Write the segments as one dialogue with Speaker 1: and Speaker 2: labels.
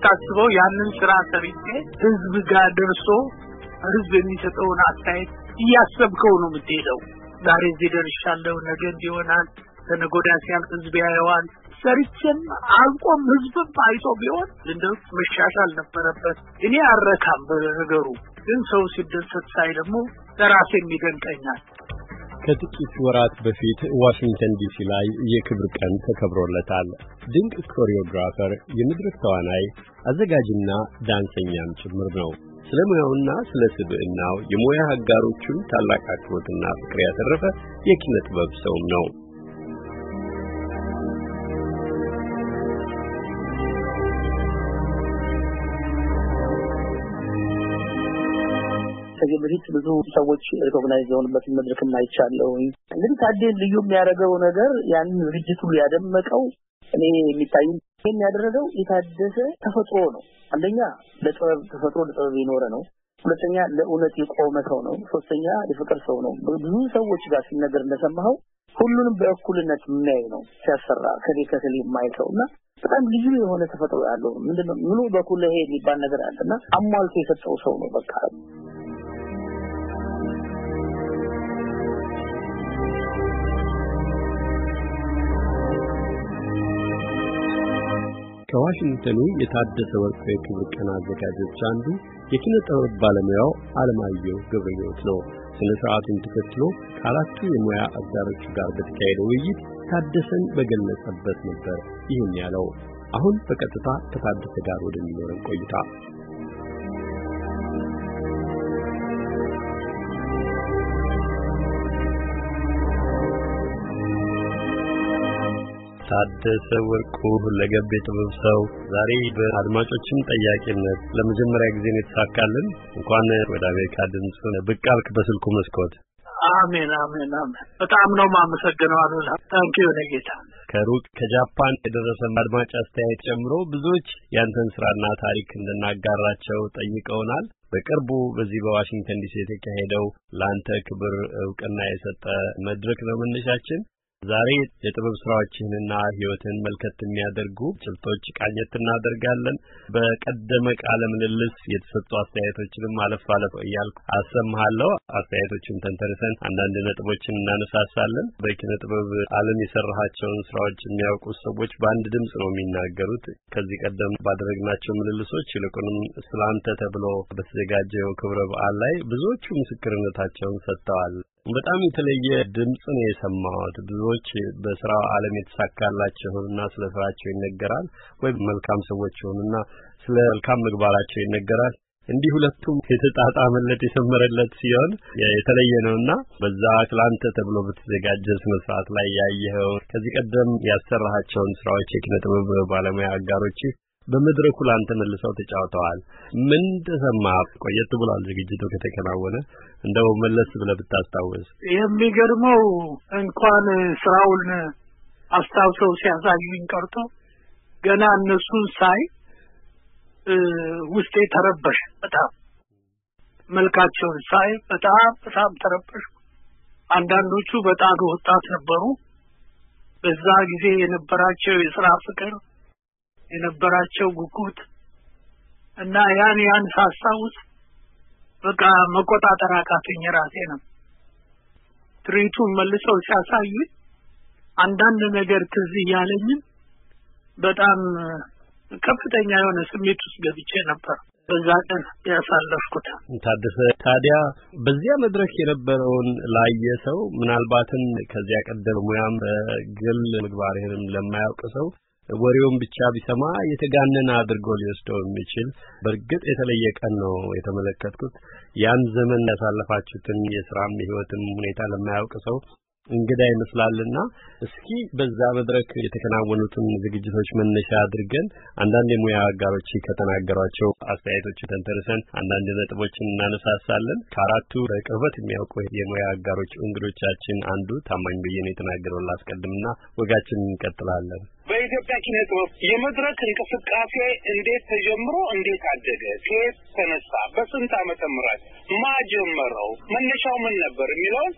Speaker 1: ሳታስበው ያንን ስራ ሰርቼ ህዝብ ጋር ደርሶ ህዝብ የሚሰጠውን አስተያየት እያሰብከው ነው የምትሄደው። ዛሬ እዚህ ደርሻለሁ፣ ነገ እንዲሆናል፣ ከነገ ወዲያ ሲያልቅ ህዝብ ያየዋል። ሰርቼም አልቆም ህዝብም አይቶ ቢሆን እንደው መሻሻል ነበረበት። እኔ አረካም በነገሩ ግን ሰው ሲደሰት ሳይ ደግሞ ለራሴ የሚደንቀኛል።
Speaker 2: ከጥቂት ወራት በፊት ዋሽንግተን ዲሲ ላይ የክብር ቀን ተከብሮለታል። ድንቅ ኮሪዮግራፈር፣ የመድረክ ተዋናይ፣ አዘጋጅና ዳንሰኛም ጭምር ነው። ስለ ሙያውና ስለ ስብዕናው የሙያ አጋሮቹን ታላቅ አክብሮትና ፍቅር ያተረፈ የኪነ ጥበብ ሰውም ነው።
Speaker 3: ከዚህ
Speaker 1: በፊት ብዙ ሰዎች ሪኮግናይዝ የሆኑበትን መድረክ ማይቻለው እንግዲህ ታዴን ልዩ የሚያደርገው ነገር ያንን ዝግጅቱ ያደመቀው እኔ የሚታዩ የሚያደረገው የታደሰ ተፈጥሮ ነው። አንደኛ ለጥበብ ተፈጥሮ ለጥበብ የኖረ ነው። ሁለተኛ ለእውነት የቆመ ሰው ነው። ሶስተኛ የፍቅር ሰው ነው። ብዙ ሰዎች ጋር ሲነገር እንደሰማኸው ሁሉንም በእኩልነት የሚያይ ነው። ሲያሰራ ከሌ ከስል የማይተው እና በጣም ልዩ የሆነ ተፈጥሮ ያለው ምንድነው ምኑ በኩል ይሄ የሚባል ነገር አለና አሟልቶ የሰጠው ሰው ነው በቃ
Speaker 2: ከዋሽንግተኑ የታደሰ ወርቅ የክብር ቀን አዘጋጆች አንዱ የኪነ ጥበብ ባለሙያው አለማየሁ ገብረሕይወት ነው። ስነ ስርዓቱን ተከትሎ ከአራቱ የሙያ አጋሮቹ ጋር በተካሄደ ውይይት ታደሰን በገለጸበት ነበር ይህን ያለው። አሁን በቀጥታ ከታደሰ ጋር ወደሚኖረን ቆይታ ታደሰ ወርቁ ለገብ የጥበብ ሰው ዛሬ በአድማጮችም ጠያቂነት ለመጀመሪያ ጊዜ ነው የተሳካልን። እንኳን ወደ አሜሪካ ድምፅ ብቅ አልክ በስልኩ መስኮት።
Speaker 1: አሜን አሜን አሜን። በጣም ነው የማመሰግነው አሉላ። ታንኪዩ ጌታ።
Speaker 2: ከሩቅ ከጃፓን የደረሰ አድማጭ አስተያየት ጨምሮ ብዙዎች ያንተን ስራና ታሪክ እንድናጋራቸው ጠይቀውናል። በቅርቡ በዚህ በዋሽንግተን ዲሲ የተካሄደው ለአንተ ክብር እውቅና የሰጠ መድረክ ነው መነሻችን። ዛሬ የጥበብ ስራዎችህንና ህይወትን መልከት የሚያደርጉ ጭብጦች ቃኘት እናደርጋለን። በቀደመ ቃለ ምልልስ የተሰጡ አስተያየቶችንም አለፍ አለፍ እያልኩ አሰማሃለሁ። አስተያየቶችን ተንተርሰን አንዳንድ ነጥቦችን እናነሳሳለን። በኪነ ጥበብ ዓለም የሰራሃቸውን ስራዎች የሚያውቁ ሰዎች በአንድ ድምፅ ነው የሚናገሩት። ከዚህ ቀደም ባደረግናቸው ምልልሶች ይልቁንም ስላንተ ተብሎ በተዘጋጀው ክብረ በዓል ላይ ብዙዎቹ ምስክርነታቸውን ሰጥተዋል። በጣም የተለየ ድምጽ ነው የሰማሁት። ብዙዎች በስራው ዓለም የተሳካላቸውና ስለ ስራቸው ይነገራል ወይም መልካም ሰዎች ሆኑና ስለ መልካም ምግባራቸው ይነገራል። እንዲህ ሁለቱም የተጣጣመለት የሰመረለት ሲሆን የተለየ ነውና በዛ ትላንት ተብሎ በተዘጋጀ ስነ ስርዓት ላይ ያየኸው ከዚህ ቀደም ያሰራሃቸውን ስራዎች የኪነ ጥበብ ባለሙያ አጋሮች በመድረኩ ላንተ መልሰው ተጫውተዋል። ምን ተሰማ? ቆየት ብሏል ዝግጅቱ ከተከናወነ፣ እንደው መለስ ብለህ ብታስታውስ።
Speaker 1: የሚገርመው እንኳን ስራውን አስታውሰው ሲያሳዩኝ ቀርቶ ገና እነሱን ሳይ ውስጤ ተረበሽ። በጣም መልካቸውን ሳይ በጣም በጣም ተረበሽ። አንዳንዶቹ በጣም ወጣት ነበሩ። በዛ ጊዜ የነበራቸው የስራ ፍቅር የነበራቸው ጉጉት እና ያን ያን ሳስታውስ በቃ መቆጣጠር አቃተኝ ራሴ ነው። ትርኢቱን መልሰው ሲያሳዩኝ አንዳንድ ነገር ትዝ ያለኝ በጣም ከፍተኛ የሆነ ስሜት ውስጥ ገብቼ ነበር። በዛ ቀን ያሳለፍኩት
Speaker 2: ታደሰ ታዲያ በዚያ መድረክ የነበረውን ላየ ሰው ምናልባትም ከዚያ ቀደም ሙያም በግል ምግባርህንም ለማያውቅ ሰው ወሬውን ብቻ ቢሰማ የተጋነነ አድርጎ ሊወስደው የሚችል በእርግጥ የተለየ ቀን ነው የተመለከትኩት። ያን ዘመን ያሳለፋችሁትን የስራም የህይወትም ሁኔታ ለማያውቅ ሰው እንግዳ ይመስላልና እስኪ በዛ መድረክ የተከናወኑትን ዝግጅቶች መነሻ አድርገን አንዳንድ የሙያ አጋሮች ከተናገሯቸው አስተያየቶች ተንተርሰን አንዳንድ ነጥቦችን እናነሳሳለን። ከአራቱ በቅርበት የሚያውቁ የሙያ አጋሮች እንግዶቻችን አንዱ ታማኝ በየነ የተናገረውን ላስቀድምና ወጋችን እንቀጥላለን።
Speaker 4: በኢትዮጵያ ኪነ ጥበብ የመድረክ እንቅስቃሴ እንዴት ተጀምሮ እንዴት አደገ? ከየት ተነሳ? በስንት ዓመተ ምህረት ማጀመረው መነሻው ምን ነበር? የሚለውን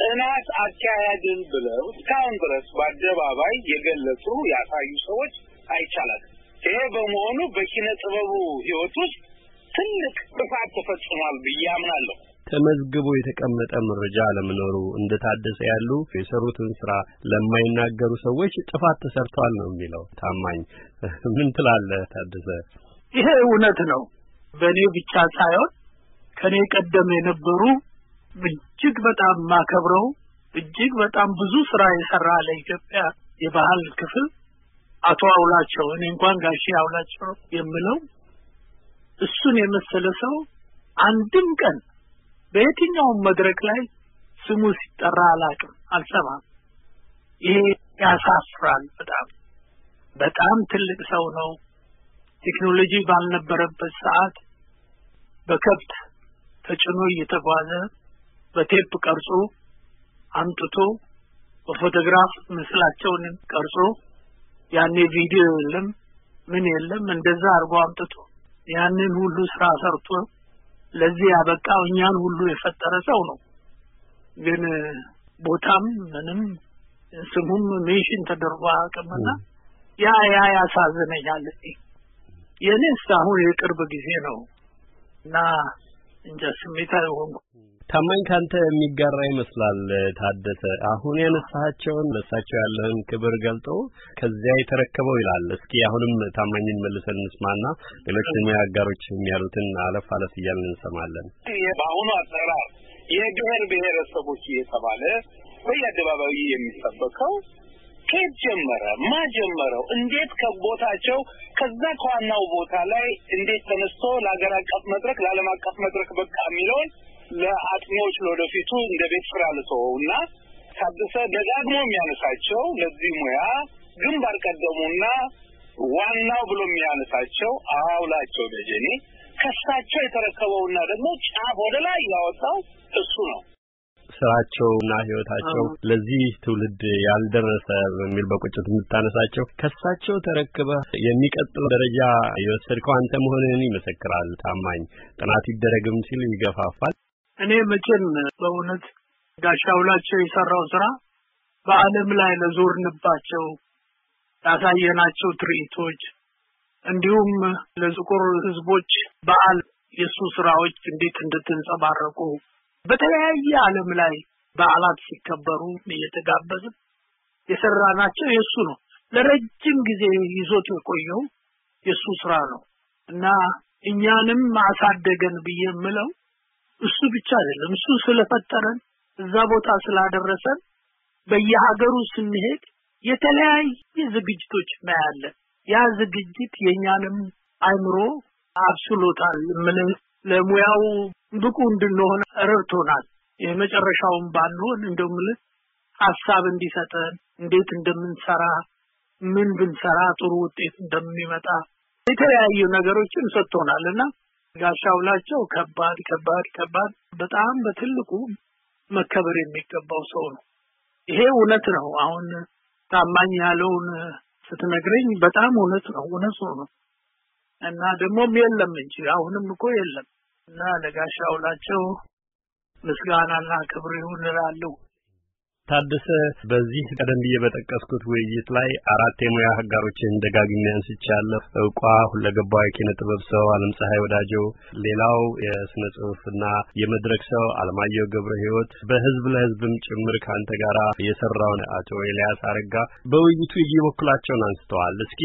Speaker 4: ጥናት አካሄድን ብለው እስካሁን ድረስ በአደባባይ የገለጹ ያሳዩ ሰዎች አይቻላል። ይሄ በመሆኑ በኪነ ጥበቡ ህይወት ውስጥ ትልቅ ጥፋት ተፈጽሟል ብዬ አምናለሁ።
Speaker 2: ተመዝግቦ የተቀመጠ መረጃ አለመኖሩ እንደ ታደሰ ያሉ የሰሩትን ስራ ለማይናገሩ ሰዎች ጥፋት ተሰርቷል ነው የሚለው ታማኝ። ምን ትላለህ ታደሰ?
Speaker 1: ይሄ እውነት ነው። በእኔ ብቻ ሳይሆን ከኔ ቀደም የነበሩ እጅግ በጣም ማከብረው እጅግ በጣም ብዙ ስራ የሰራ ለኢትዮጵያ የባህል ክፍል አቶ አውላቸው እኔ እንኳን ጋሺ አውላቸው የምለው እሱን የመሰለ ሰው አንድም ቀን በየትኛውም መድረክ ላይ ስሙ ሲጠራ አላቅም፣ አልሰማም። ይሄ ያሳፍራል። በጣም በጣም ትልቅ ሰው ነው። ቴክኖሎጂ ባልነበረበት ሰዓት በከብት ተጭኖ እየተጓዘ በቴፕ ቀርጾ አምጥቶ በፎቶግራፍ ምስላቸውን ቀርጾ ያኔ ቪዲዮ የለም ምን የለም እንደዛ አድርጎ አምጥቶ ያንን ሁሉ ስራ ሰርቶ ለዚህ ያበቃው እኛን ሁሉ የፈጠረ ሰው ነው። ግን ቦታም ምንም ስሙም ሜንሽን ተደርጎ አያውቅምና ያ ያ ያሳዝነኛል። የእኔስ አሁን የቅርብ ጊዜ ነው እና እንጃ ስሜታ የሆንኩ
Speaker 2: ታማኝ ካንተ የሚጋራ ይመስላል ታደሰ። አሁን ያነሳቸውን ነሳቸው ያለን ክብር ገልጦ ከዚያ የተረከበው ይላል። እስኪ አሁንም ታማኝን መልሰን እንስማና ሌሎች ሙያ አጋሮች የሚያሉትን አለፍ አለፍ እያልን እንሰማለን።
Speaker 4: በአሁኑ አጠራር የብሔር ብሔረሰቦች እየተባለ በየአደባባዩ የሚጠበቀው ከየት ጀመረ? ማ ጀመረው? እንዴት ከቦታቸው ከዛ ከዋናው ቦታ ላይ እንዴት ተነስቶ ለሀገር አቀፍ መድረክ ለዓለም አቀፍ መድረክ በቃ የሚለውን ለአጥኚዎች ለወደፊቱ እንደ ቤት ስራ ልተወው እና ታደሰ ደጋግሞ የሚያነሳቸው ለዚህ ሙያ ግንባር ቀደሙና ዋናው ብሎ የሚያነሳቸው አውላቸው ደጀኔ ከሳቸው የተረከበውና ደግሞ ጫፍ ወደ ላይ ያወጣው እሱ ነው።
Speaker 2: ስራቸው እና ህይወታቸው ለዚህ ትውልድ ያልደረሰ በሚል በቁጭት የምታነሳቸው ከሳቸው ተረክበ የሚቀጥለው ደረጃ የወሰድከው አንተ መሆንህን ይመሰክራል። ታማኝ ጥናት ይደረግም ሲል ይገፋፋል።
Speaker 1: እኔ መቼም በእውነት ጋሻውላቸው የሰራው ስራ በዓለም ላይ ለዞርንባቸው ያሳየናቸው ትርኢቶች እንዲሁም ለጥቁር ህዝቦች በዓል የእሱ ስራዎች እንዴት እንድትንጸባረቁ በተለያየ ዓለም ላይ በዓላት ሲከበሩ እየተጋበዝ የሰራ ናቸው የእሱ ነው። ለረጅም ጊዜ ይዞት የቆየው የእሱ ስራ ነው እና እኛንም አሳደገን ብዬ የምለው እሱ ብቻ አይደለም እሱ ስለፈጠረን እዛ ቦታ ስላደረሰን በየሀገሩ ስንሄድ የተለያየ ዝግጅቶች እናያለን። ያ ዝግጅት የእኛንም አይምሮ አብስሎታል። ምን ለሙያው ብቁ እንድንሆን ረድቶናል። የመጨረሻውን ባንሆን እንደምል ሀሳብ እንዲሰጠን እንዴት እንደምንሰራ ምን ብንሰራ ጥሩ ውጤት እንደሚመጣ የተለያዩ ነገሮችን ሰጥቶናል እና ጋሻው ላቸው ከባድ ከባድ ከባድ በጣም በትልቁ መከበር የሚገባው ሰው ነው። ይሄ እውነት ነው። አሁን ታማኝ ያለውን ስትነግረኝ በጣም እውነት ነው፣ እውነት ነው። እና ደግሞም የለም እንጂ አሁንም እኮ የለም። እና ለጋሻው ላቸው ምስጋናና ክብር ይሁን እላለሁ።
Speaker 2: ታደሰ በዚህ ቀደም ብዬ በጠቀስኩት ውይይት ላይ አራት የሙያ አጋሮችን ደጋግሜ አንስቻለሁ። እውቋ ሁለገቧ የኪነ ጥበብ ሰው አለም ፀሐይ ወዳጆ፣ ሌላው የስነ ጽሁፍና የመድረክ ሰው አለማየሁ ገብረ ህይወት በህዝብ ለህዝብም ጭምር ከአንተ ጋር የሰራውን አቶ ኤልያስ አረጋ በውይይቱ የበኩላቸውን አንስተዋል። እስኪ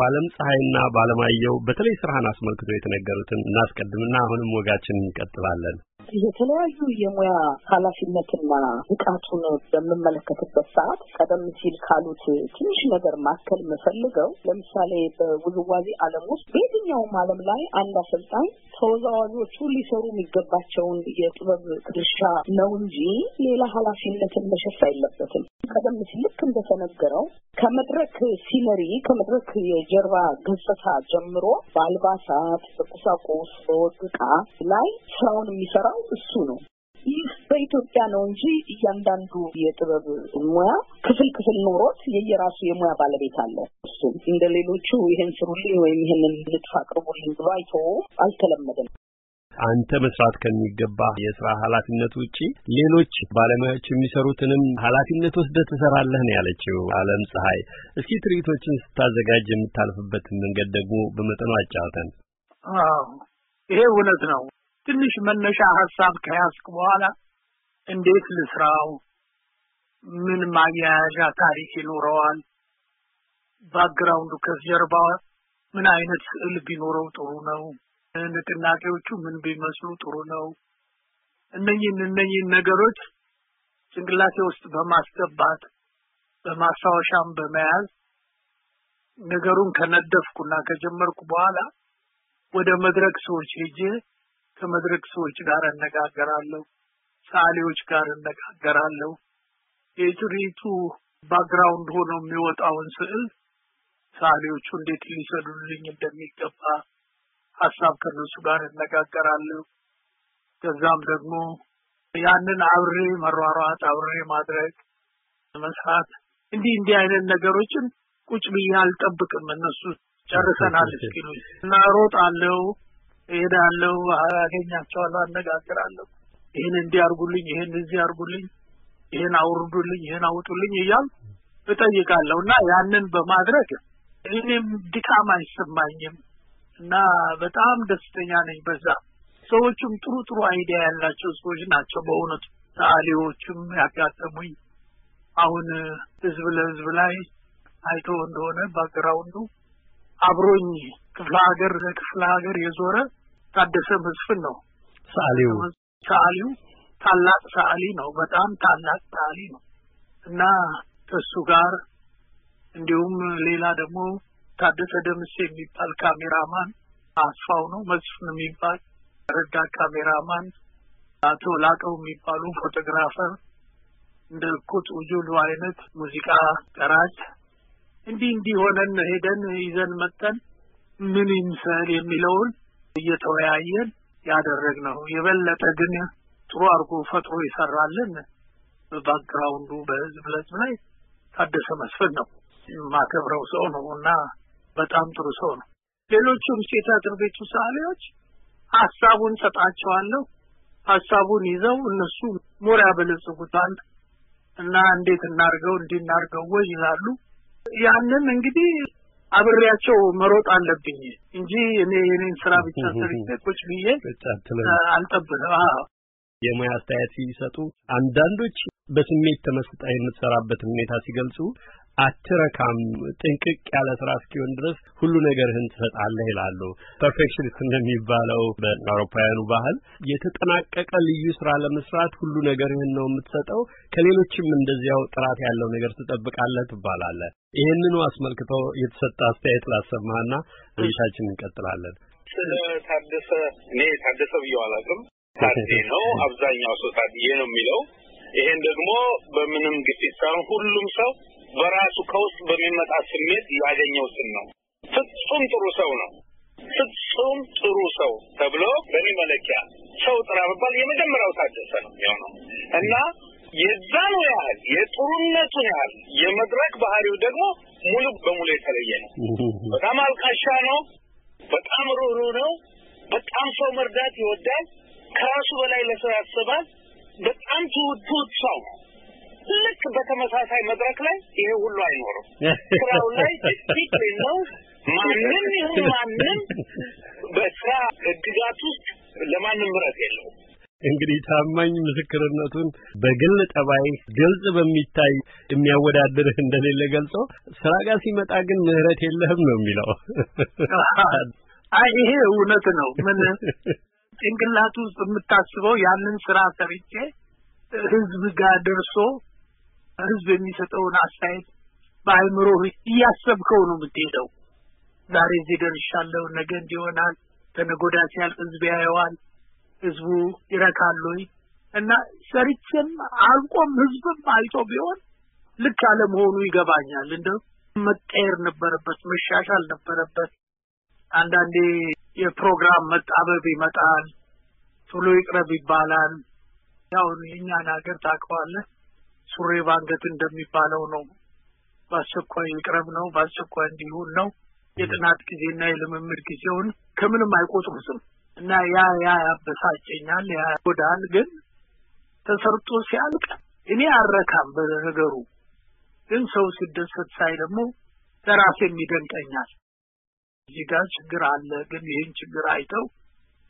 Speaker 2: በአለም ፀሐይና በአለማየሁ በተለይ ስራህን አስመልክቶ የተነገሩትን እናስቀድምና አሁንም ወጋችን እንቀጥላለን።
Speaker 1: የተለያዩ የሙያ ኃላፊነትና ብቃቱን በምመለከትበት ሰዓት ቀደም ሲል ካሉት ትንሽ ነገር ማከል የምፈልገው ለምሳሌ በውዝዋዜ ዓለም ውስጥ በየትኛውም ዓለም ላይ አንድ አሰልጣኝ ተወዛዋዦቹ ሊሰሩ የሚገባቸውን የጥበብ ድርሻ ነው እንጂ ሌላ ኃላፊነትን መሸፍ አይለበትም። ቀደም ሲል ልክ እንደተነገረው ከመድረክ ሲነሪ ከመድረክ የጀርባ ገጽታ ጀምሮ
Speaker 3: በአልባሳት፣ በቁሳቁስ፣ በወግ ዕቃ ላይ ስራውን የሚሰራው የሚያመጣው እሱ ነው። ይህ በኢትዮጵያ ነው እንጂ እያንዳንዱ የጥበብ ሙያ ክፍል ክፍል
Speaker 1: ኖሮት የየራሱ የሙያ ባለቤት አለው። እሱም እንደ ሌሎቹ ይህን ስሩልኝ ወይም ይህንን ልጥፍ አቅርቡልኝ ብሎ አይቶ አልተለመደም።
Speaker 2: አንተ መስራት ከሚገባ የስራ ኃላፊነት ውጪ ሌሎች ባለሙያዎች የሚሰሩትንም ኃላፊነት ወስደህ ትሰራለህ ነው ያለችው አለም ፀሐይ። እስኪ ትርኢቶችን ስታዘጋጅ የምታልፍበትን መንገድ ደግሞ በመጠኑ አጫውተን።
Speaker 1: አዎ ይሄ እውነት ነው። ትንሽ መነሻ ሀሳብ ከያዝክ በኋላ እንዴት ልስራው፣ ምን ማያያዣ ታሪክ ይኖረዋል፣ ባክግራውንዱ ከጀርባ ምን አይነት ስዕል ቢኖረው ጥሩ ነው፣ ንቅናቄዎቹ ምን ቢመስሉ ጥሩ ነው፣ እነኚህ እነኚህን ነገሮች ጭንቅላቴ ውስጥ በማስገባት በማስታወሻም በመያዝ ነገሩን ከነደፍኩና ከጀመርኩ በኋላ ወደ መድረክ ሰዎች ሄጄ ከመድረክ ሰዎች ጋር እነጋገራለሁ፣ ሳሊዎች ጋር እነጋገራለሁ። የጭሪቱ ባክግራውንድ ሆኖ የሚወጣውን ስዕል ሳሊዎቹ እንዴት ሊሰዱልኝ እንደሚገባ ሀሳብ ከነሱ ጋር እነጋገራለሁ። ከዛም ደግሞ ያንን አብሬ መሯሯት አብሬ ማድረግ፣ መስራት እንዲህ እንዲህ አይነት ነገሮችን ቁጭ ብዬ አልጠብቅም። እነሱ ጨርሰናል እስኪሉኝ እና ሮጣለሁ። እሄዳለሁ፣ አገኛቸዋለሁ፣ አነጋግራለሁ። ይህን እንዲህ አርጉልኝ፣ ይህን እዚህ አርጉልኝ፣ ይህን አውርዱልኝ፣ ይህን አውጡልኝ እያል እጠይቃለሁ እና ያንን በማድረግ እኔም ድካም አይሰማኝም እና በጣም ደስተኛ ነኝ። በዛ ሰዎቹም ጥሩ ጥሩ አይዲያ ያላቸው ሰዎች ናቸው። በእውነቱ ሰዓሊዎቹም ያጋጠሙኝ አሁን ህዝብ ለህዝብ ላይ አይቶ እንደሆነ ባግራውንዱ አብሮኝ ክፍለ ሀገር ለክፍለ ሀገር የዞረ ታደሰ መስፍን ነው ሰዓሊው ሰዓሊው ታላቅ ሰዓሊ ነው። በጣም ታላቅ ሰዓሊ ነው እና ከሱ ጋር እንዲሁም ሌላ ደግሞ ታደሰ ደምስ የሚባል ካሜራማን አስፋው ነው መስፍን የሚባል ረዳ ካሜራማን፣ አቶ ላቀው የሚባሉ ፎቶግራፈር፣ እንደ ኩት ውጁሉ አይነት ሙዚቃ ቀራጭ እንዲህ እንዲህ ሆነን ሄደን ይዘን መጠን ምን ይምሰል የሚለውን እየተወያየን ያደረግነው የበለጠ ግን ጥሩ አድርጎ ፈጥሮ ይሰራልን በባክግራውንዱ በህዝብ ለህዝብ ላይ ታደሰ መስፍን ነው። የማከብረው ሰው ነው እና በጣም ጥሩ ሰው ነው። ሌሎቹም ቲያትር ቤቱ ሰዓሊዎች ሀሳቡን ሰጣቸዋለሁ። ሀሳቡን ይዘው እነሱ ሞር ያበለጽጉታል እና እንዴት እናርገው እንዲናርገው ወይ ይላሉ። ያንን እንግዲህ አብሬያቸው መሮጥ አለብኝ እንጂ
Speaker 2: እኔ የኔን ስራ ብቻ
Speaker 1: ሰርቶች ብዬ አልጠብቅም።
Speaker 2: የሙያ አስተያየት ሲሰጡ አንዳንዶች በስሜት ተመስጣ የምትሰራበት ሁኔታ ሲገልጹ አትረካም፣ ጥንቅቅ ያለ ስራ እስኪሆን ድረስ ሁሉ ነገርህን ትሰጣለህ ይላሉ። ፐርፌክሽኒስት እንደሚባለው በአውሮፓውያኑ ባህል የተጠናቀቀ ልዩ ስራ ለመስራት ሁሉ ነገርህን ነው የምትሰጠው፣ ከሌሎችም እንደዚያው ጥራት ያለው ነገር ትጠብቃለህ ትባላለህ። ይህንኑ አስመልክቶ የተሰጠ አስተያየት ላሰማህና ውይይታችን እንቀጥላለን።
Speaker 4: ስለ ታደሰ እኔ ታደሰ ብዬ አላውቅም።
Speaker 2: ታዴ ነው
Speaker 4: አብዛኛው ሰው ታድዬ ነው የሚለው። ይሄን ደግሞ በምንም ግፊት ሳይሆን ሁሉም ሰው በራሱ ከውስጥ በሚመጣ ስሜት ስም ነው። ፍጹም ጥሩ ሰው ነው። ፍጹም ጥሩ ሰው ተብሎ በእኔ መለኪያ ሰው ጥራ መባል የመጀመሪያው ታደሰ ነው የሆነው እና የዛኑ ያህል የጥሩነቱን ያህል የመድረክ ባህሪው ደግሞ ሙሉ በሙሉ የተለየ ነው። በጣም አልቃሻ ነው። በጣም ሩሩ ነው። በጣም ሰው መርዳት ይወዳል። ከራሱ በላይ ለሰው ያስባል። በጣም ትውት ሰው ነው። ልክ በተመሳሳይ መድረክ ላይ ይሄ ሁሉ አይኖርም።
Speaker 2: ስራው ላይ ዲሲፕሊን ነው።
Speaker 4: ማንም ይሁን ማንም በስራ ህግጋት ውስጥ ለማንም ምረት የለውም።
Speaker 2: እንግዲህ ታማኝ ምስክርነቱን በግል ጠባይ ግልጽ በሚታይ የሚያወዳድርህ እንደሌለ ገልጾ ስራ ጋር ሲመጣ ግን ምህረት የለህም ነው የሚለው።
Speaker 1: አይ ይሄ እውነት ነው። ምን ጭንቅላቱ ውስጥ የምታስበው ያንን ስራ ሰርቼ ህዝብ ጋር ደርሶ ህዝብ የሚሰጠውን አስተያየት በአእምሮ እያሰብከው ነው የምትሄደው። ዛሬ እዚህ ደርሻለሁ፣ ነገ እንዲሆናል፣ ተነጎዳ ሲያልቅ ህዝብ ያየዋል፣ ህዝቡ ይረካል እና ሰርቼም አልቆም ህዝብም አይቶ ቢሆን ልክ አለመሆኑ ይገባኛል። እንደው መቀየር ነበረበት፣ መሻሻል ነበረበት። አንዳንዴ የፕሮግራም መጣበብ ይመጣል፣ ቶሎ ይቅረብ ይባላል። ያው የእኛን ሀገር ታውቀዋለህ ሱሪ ባንገት እንደሚባለው ነው። በአስቸኳይ ይቅረብ ነው፣ በአስቸኳይ እንዲሁን ነው። የጥናት ጊዜና የልምምድ ጊዜውን ከምንም አይቆጥሩትም እና ያ ያ ያበሳጨኛል፣ ያ ጎዳል። ግን ተሰርጦ ሲያልቅ እኔ አረካም በነገሩ ግን ሰው ሲደሰት ሳይ ደግሞ ለራሴም ይደንቀኛል። እዚህ ጋር ችግር አለ፣ ግን ይህን ችግር አይተው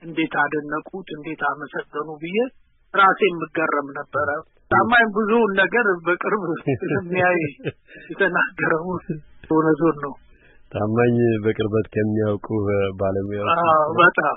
Speaker 1: እንዴት አደነቁት፣ እንዴት አመሰገኑ ብዬ ራሴ የምገረም ነበረ። ታማኝ ብዙውን ነገር በቅርብ የሚያይ
Speaker 2: የተናገረው እውነቱን ነው። ታማኝ በቅርበት ከሚያውቁ ባለሙያ በጣም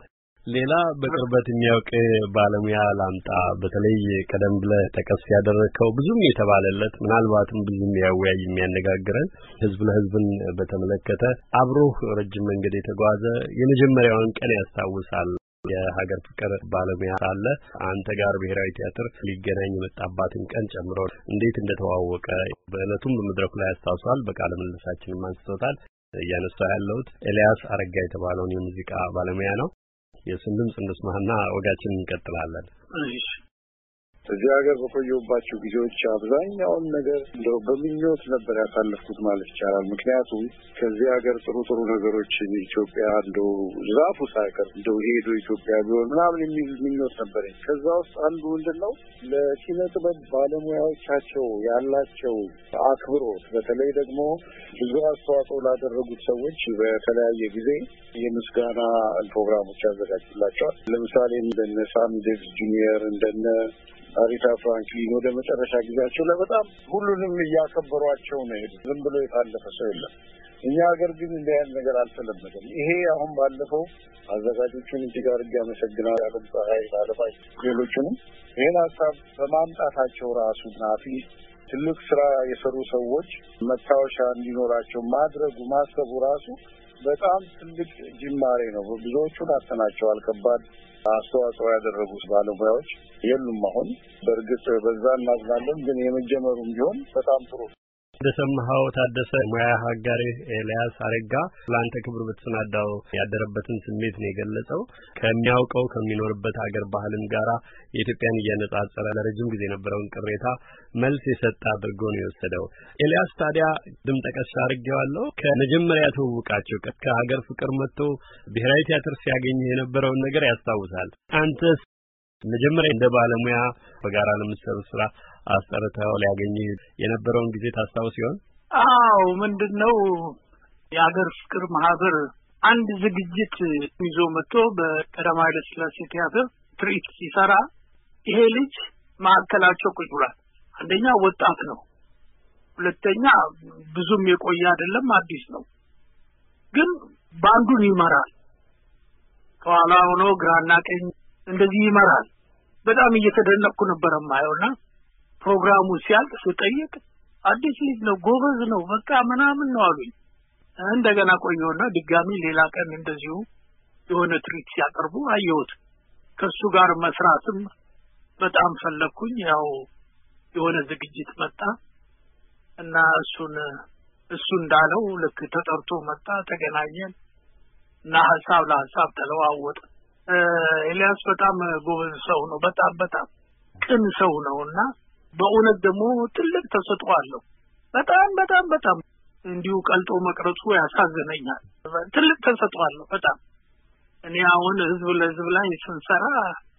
Speaker 2: ሌላ በቅርበት የሚያውቅ ባለሙያ ላምጣ። በተለይ ቀደም ብለህ ጠቀስ ያደረግከው ብዙም የተባለለት ምናልባትም ብዙም የሚያወያይ የሚያነጋግረን ህዝብ ለህዝብን በተመለከተ አብሮህ ረጅም መንገድ የተጓዘ የመጀመሪያውን ቀን ያስታውሳል የሀገር ፍቅር ባለሙያ ሳለ አንተ ጋር ብሔራዊ ቲያትር ሊገናኝ የመጣባትን ቀን ጨምሮ እንዴት እንደተዋወቀ በእለቱም በመድረኩ ላይ አስታውሷል። በቃለ ምልልሳችንም አንስቶታል። እያነሳ ያለሁት ኤልያስ አረጋ የተባለውን የሙዚቃ ባለሙያ ነው። የስንድም ድምፅ እንስማህና ወጋችን እንቀጥላለን።
Speaker 3: እዚህ ሀገር በቆየሁባቸው ጊዜዎች አብዛኛውን ነገር እንደ በምኞት ነበር ያሳለፍኩት ማለት ይቻላል። ምክንያቱም ከዚህ ሀገር ጥሩ ጥሩ ነገሮችን ኢትዮጵያ እንደ ዛፉ ሳይቀር እንደ ሄዶ ኢትዮጵያ ቢሆን ምናምን የሚል ምኞት ነበረኝ። ከዛ ውስጥ አንዱ ምንድን ነው ለኪነ ጥበብ ባለሙያዎቻቸው ያላቸው አክብሮት፣ በተለይ ደግሞ ብዙ አስተዋጽኦ ላደረጉት ሰዎች በተለያየ ጊዜ የምስጋና ፕሮግራሞች ያዘጋጅላቸዋል። ለምሳሌ እንደነ ሳሚ ዴቪስ ጁኒየር እንደነ አሪታ ፍራንክሊን ወደ መጨረሻ ጊዜያቸው ላይ በጣም ሁሉንም እያከበሯቸው ነው ሄዱ። ዝም ብሎ የታለፈ ሰው የለም። እኛ ሀገር ግን እንዲህ አይነት ነገር አልተለመደም። ይሄ አሁን ባለፈው አዘጋጆቹን እጅግ አድርጌ አመሰግናለሁ። ያለም ፀሐይ ባለባይ ሌሎቹንም ይህን ሀሳብ በማምጣታቸው ራሱ ናፊ ትልቅ ስራ የሰሩ ሰዎች መታወሻ እንዲኖራቸው ማድረጉ ማሰቡ ራሱ በጣም ትልቅ ጅማሬ ነው። ብዙዎቹን አጥተናቸዋል። ከባድ አስተዋጽኦ ያደረጉት ባለሙያዎች የሉም አሁን። በእርግጥ በዛ እናዝናለን፣ ግን የመጀመሩም ቢሆን በጣም ጥሩ
Speaker 2: እንደሰማኸው ታደሰ ሙያ ሀጋሪ ኤልያስ አረጋ ለአንተ ክብር በተሰናዳው ያደረበትን ስሜት ነው የገለጸው። ከሚያውቀው ከሚኖርበት ሀገር ባህልም ጋራ የኢትዮጵያን እያነጻጸረ ለረጅም ጊዜ የነበረውን ቅሬታ መልስ የሰጠ አድርጎ ነው የወሰደው። ኤልያስ ታዲያ ድም ጠቀስ አድርጌዋለሁ። ከመጀመሪያ ትውውቃቸው ከሀገር ፍቅር መጥቶ ብሔራዊ ቲያትር ሲያገኝ የነበረውን ነገር ያስታውሳል። አንተስ መጀመሪያ እንደ ባለሙያ በጋራ ለምትሰሩ ስራ አስጠርተው ሊያገኝህ የነበረውን ጊዜ ታስታውስ ሲሆን
Speaker 1: አዎ፣ ምንድን ነው የአገር ፍቅር ማህበር አንድ ዝግጅት ይዞ መጥቶ በቀዳማዊ ኃይለ ሥላሴ ቲያትር ትርኢት ሲሰራ ይሄ ልጅ ማዕከላቸው ቁጭ ብሏል። አንደኛ ወጣት ነው፣ ሁለተኛ ብዙም የቆየ አይደለም፣ አዲስ ነው። ግን በአንዱን ይመራል፣ ከኋላ ሆኖ ግራና ቀኝ እንደዚህ ይመራል። በጣም እየተደነቅኩ ነበረ ማየውና ፕሮግራሙ ሲያልቅ ስጠይቅ አዲስ ልጅ ነው፣ ጎበዝ ነው፣ በቃ ምናምን ነው አሉኝ። እንደገና ቆየሁና ድጋሚ ሌላ ቀን እንደዚሁ የሆነ ትርኢት ሲያቀርቡ አየሁት። ከእሱ ጋር መስራትም በጣም ፈለግኩኝ። ያው የሆነ ዝግጅት መጣ እና እሱን እሱ እንዳለው ልክ ተጠርቶ መጣ። ተገናኘን እና ሀሳብ ለሀሳብ ተለዋወጥ። ኤልያስ በጣም ጎበዝ ሰው ነው። በጣም በጣም ቅን ሰው ነው እና በእውነት ደግሞ ትልቅ ተሰጥኦ አለው። በጣም በጣም በጣም እንዲሁ ቀልጦ መቅረቱ ያሳዝነኛል። ትልቅ ተሰጥኦ አለው በጣም እኔ አሁን ህዝብ ለህዝብ ላይ ስንሰራ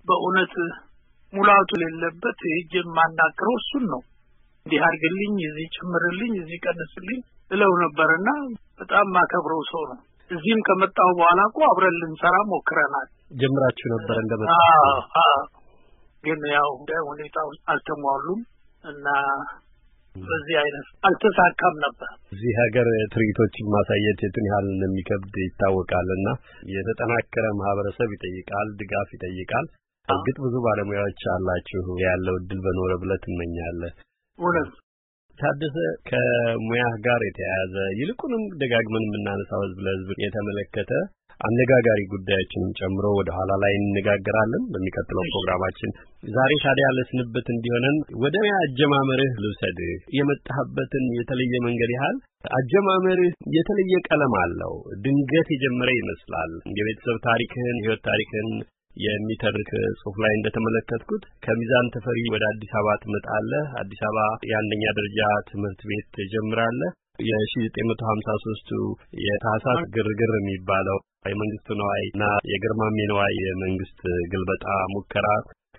Speaker 1: በእውነት ሙላቱ ሌለበት እጅ የማናግረው እሱን ነው። እንዲህ አድርግልኝ፣ እዚህ ጭምርልኝ፣ እዚህ ቀንስልኝ እለው ነበርና በጣም ማከብረው ሰው ነው። እዚህም ከመጣው በኋላ እኮ አብረን ልንሰራ ሞክረናል።
Speaker 2: ጀምራችሁ ነበር እንደመ
Speaker 1: ግን ያው እንደ ሁኔታው አልተሟሉም እና በዚህ አይነት አልተሳካም ነበር።
Speaker 2: እዚህ ሀገር ትርኢቶችን ማሳየት የቱን ያህል እንደሚከብድ ይታወቃል እና የተጠናከረ ማህበረሰብ ይጠይቃል፣ ድጋፍ ይጠይቃል። እርግጥ ብዙ ባለሙያዎች አላችሁ። ያለው እድል በኖረ ብለት ትመኛለህ። እውነት ታደሰ፣ ከሙያህ ጋር የተያያዘ ይልቁንም ደጋግመን የምናነሳው ህዝብ ለህዝብ የተመለከተ አነጋጋሪ ጉዳዮችንም ጨምሮ ወደ ኋላ ላይ እንነጋገራለን በሚቀጥለው ፕሮግራማችን። ዛሬ ታዲያ ለስንብት እንዲሆነን ወደ አጀማመርህ ልውሰድህ። የመጣህበትን የተለየ መንገድ ያህል አጀማመርህ የተለየ ቀለም አለው። ድንገት የጀመረ ይመስላል። የቤተሰብ ታሪክህን የህይወት ታሪክህን የሚተርክ ጽሁፍ ላይ እንደተመለከትኩት ከሚዛን ተፈሪ ወደ አዲስ አበባ ትመጣለህ። አዲስ አበባ የአንደኛ ደረጃ ትምህርት ቤት ትጀምራለህ። የሺ ዘጠኝ መቶ ሀምሳ ሶስቱ የታህሳስ ግርግር የሚባለው የመንግስቱ ነዋይ እና የግርማሜ ነዋይ የመንግስት ግልበጣ ሙከራ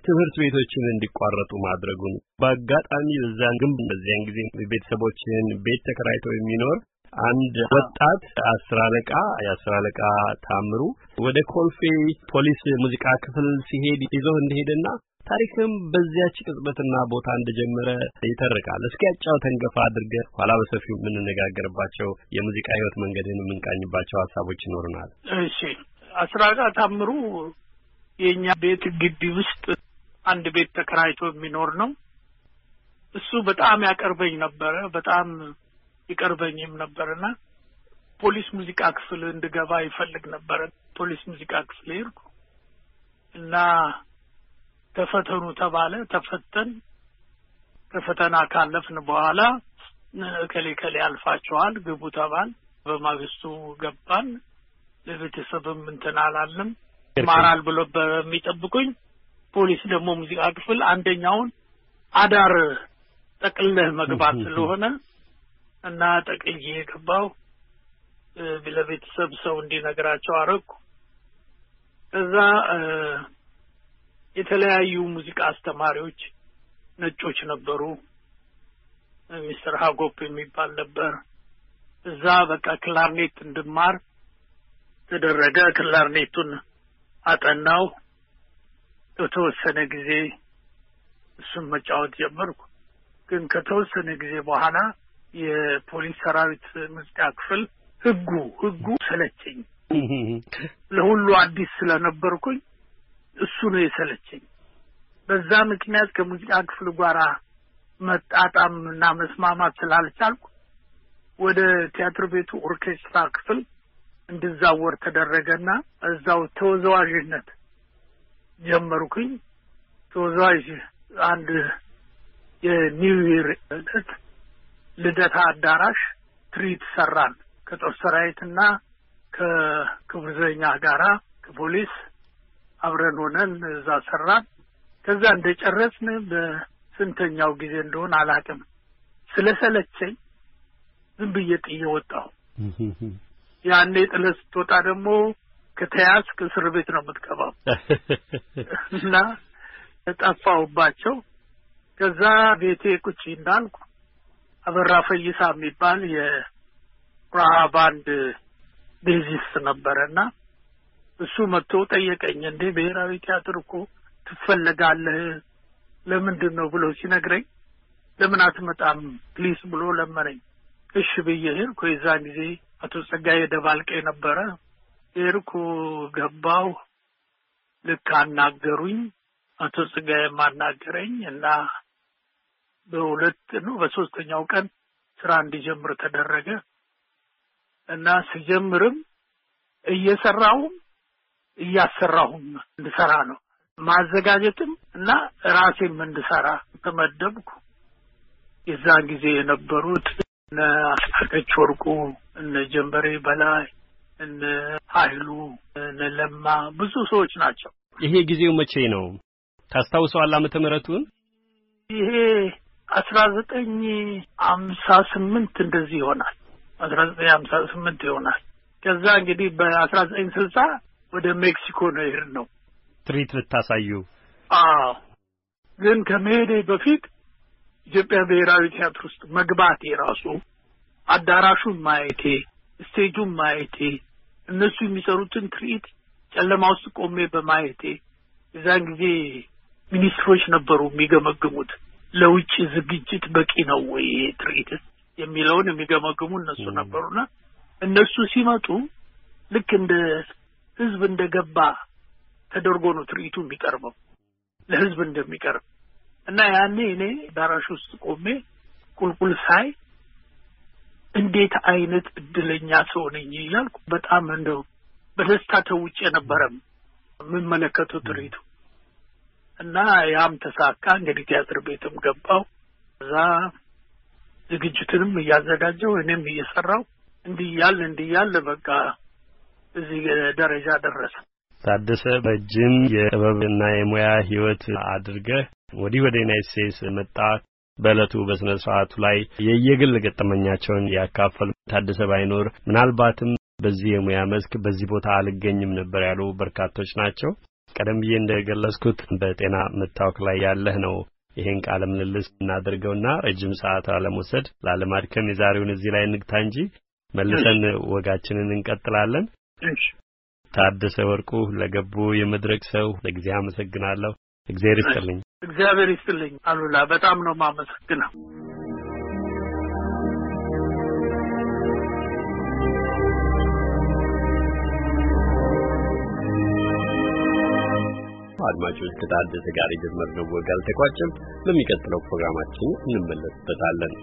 Speaker 2: ትምህርት ቤቶችን እንዲቋረጡ ማድረጉን በአጋጣሚ እዛን ግን በዚያን ጊዜ ቤተሰቦችን ቤት ተከራይቶ የሚኖር አንድ ወጣት አስር አለቃ የአስር አለቃ ታምሩ ወደ ኮልፌ ፖሊስ ሙዚቃ ክፍል ሲሄድ ይዞ እንደሄደና ታሪክም በዚያች ቅጽበትና ቦታ እንደጀመረ ይተርቃል። እስኪ ያጫውተን ገፋ አድርገ ኋላ በሰፊው የምንነጋገርባቸው የሙዚቃ ህይወት መንገድን የምንቃኝባቸው ሀሳቦች ይኖሩናል።
Speaker 1: እሺ አስር አለቃ ታምሩ የእኛ ቤት ግቢ ውስጥ አንድ ቤት ተከራይቶ የሚኖር ነው። እሱ በጣም ያቀርበኝ ነበረ። በጣም ይቀርበኝም ነበርና ፖሊስ ሙዚቃ ክፍል እንድገባ ይፈልግ ነበረ። ፖሊስ ሙዚቃ ክፍል ይርኩ እና ተፈተኑ ተባለ። ተፈተን ከፈተና ካለፍን በኋላ እከሌ እከሌ አልፋችኋል ግቡ ተባል። በማግስቱ ገባን። ለቤተሰብም እንትን አላልንም። ማራል ብሎ በሚጠብቁኝ ፖሊስ ደግሞ ሙዚቃ ክፍል አንደኛውን አዳር ጠቅልለህ መግባት ስለሆነ እና ጠቅዬ የገባው ለቤተሰብ ሰው እንዲነግራቸው አረግኩ። እዛ የተለያዩ ሙዚቃ አስተማሪዎች ነጮች ነበሩ። ሚስተር ሀጎፕ የሚባል ነበር። እዛ በቃ ክላርኔት እንድማር ተደረገ። ክላርኔቱን አጠናው። በተወሰነ ጊዜ እሱን መጫወት ጀመርኩ። ግን ከተወሰነ ጊዜ በኋላ የፖሊስ ሰራዊት ምርጫ ክፍል ህጉ ህጉ ሰለቸኝ። ለሁሉ አዲስ ስለነበርኩኝ እሱ ነው የሰለቸኝ። በዛ ምክንያት ከሙዚቃ ክፍል ጋራ መጣጣም እና መስማማት ስላልቻልኩ ወደ ቲያትር ቤቱ ኦርኬስትራ ክፍል እንድዛወር ተደረገና እዛው ተወዛዋዥነት ጀመርኩኝ። ተወዛዋዥ አንድ የኒው ይር ዕለት ልደታ አዳራሽ ትርኢት ሰራን ከጦር ሰራዊትና ከክቡር ዘበኛ ጋራ ከፖሊስ አብረን ሆነን እዛ ሰራን። ከዛ እንደጨረስን በስንተኛው ጊዜ እንደሆን ስለ ሰለቸኝ ዝም ብዬ ጥዬ ወጣሁ። ያኔ ጥለ ስትወጣ ደግሞ ከተያዝ እስር ቤት ነው የምትገባው እና ጠፋሁባቸው። ከዛ ቤቴ ቁጭ እንዳልኩ አበራ ፈይሳ የሚባል የራሃ ባንድ ቤዚስት እና እሱ መጥቶ ጠየቀኝ። እንዴ ብሔራዊ ቲያትር እኮ ትፈለጋለህ ለምንድን ነው ብሎ ሲነግረኝ ለምን አትመጣም ፕሊስ ብሎ ለመነኝ። እሺ ብዬ ሄድኩ። የዛን ጊዜ አቶ ጸጋዬ ደባልቄ ነበረ። ሄድኩ፣ ገባሁ። ልክ አናገሩኝ። አቶ ጸጋዬ ማናገረኝ እና በሁለት በሶስተኛው ቀን ስራ እንዲጀምር ተደረገ እና ስጀምርም እየሰራሁም እያሰራሁም እንድሰራ ነው ማዘጋጀትም እና ራሴም እንድሰራ ተመደብኩ። የዛን ጊዜ የነበሩት እነ አስናቀች ወርቁ፣ እነ ጀንበሬ በላይ፣ እነ ኃይሉ፣ እነ ለማ ብዙ ሰዎች ናቸው።
Speaker 2: ይሄ ጊዜው መቼ ነው ታስታውሰዋል? አመተ ምህረቱን
Speaker 1: ይሄ አስራ ዘጠኝ አምሳ ስምንት እንደዚህ ይሆናል። አስራ ዘጠኝ አምሳ ስምንት ይሆናል። ከዛ እንግዲህ በአስራ ዘጠኝ ስልሳ ወደ ሜክሲኮ ነው ይሄድ ነው
Speaker 2: ትርኢት ልታሳዩ።
Speaker 1: አዎ ግን ከመሄዴ በፊት ኢትዮጵያ ብሔራዊ ቲያትር ውስጥ መግባቴ ራሱ አዳራሹን ማየቴ፣ ስቴጁን ማየቴ፣ እነሱ የሚሰሩትን ትርኢት ጨለማ ውስጥ ቆሜ በማየቴ የዛን ጊዜ ሚኒስትሮች ነበሩ የሚገመግሙት ለውጭ ዝግጅት በቂ ነው ወይ ትርኢት የሚለውን የሚገመግሙ እነሱ ነበሩና እነሱ ሲመጡ ልክ እንደ ህዝብ እንደገባ ተደርጎ ነው ትርኢቱ የሚቀርበው ለህዝብ እንደሚቀርብ እና ያኔ እኔ ዳራሽ ውስጥ ቆሜ ቁልቁል ሳይ እንዴት አይነት እድለኛ ሰው ነኝ ይላልኩ በጣም እንደው በደስታ ተውጭ ነበረም የምመለከተው ትርኢቱ እና ያም ተሳካ። እንግዲህ ቲያትር ቤትም ገባው እዛ ዝግጅትንም እያዘጋጀው እኔም እየሰራው እንዲያል እንዲያል በቃ እዚህ ደረጃ ደረሰ።
Speaker 2: ታደሰ ረጅም የጥበብና የሙያ ህይወት አድርገህ ወዲህ ወደ ዩናይት ስቴትስ መጣ። በእለቱ በስነ ሥርዓቱ ላይ የየግል ገጠመኛቸውን ያካፈል ታደሰ ባይኖር ምናልባትም በዚህ የሙያ መስክ በዚህ ቦታ አልገኝም ነበር ያሉ በርካቶች ናቸው። ቀደም ብዬ እንደገለጽኩት በጤና መታወክ ላይ ያለህ ነው። ይሄን ቃለ ምልልስ እናደርገውና ረጅም ሰዓት አለመውሰድ ላለማድከም የዛሬውን እዚህ ላይ እንግታ እንጂ መልሰን ወጋችንን እንቀጥላለን። ታደሰ ወርቁ ለገቡ የመድረክ ሰው ለጊዜ አመሰግናለሁ። እግዚአብሔር ይስጥልኝ።
Speaker 1: እግዚአብሔር ይስጥልኝ አሉላ። በጣም ነው የማመሰግነው።
Speaker 2: አድማጮች ከታደሰ ጋር የጀመርነው ወግ አልተቋጨም። በሚቀጥለው ፕሮግራማችን እንመለስበታለን።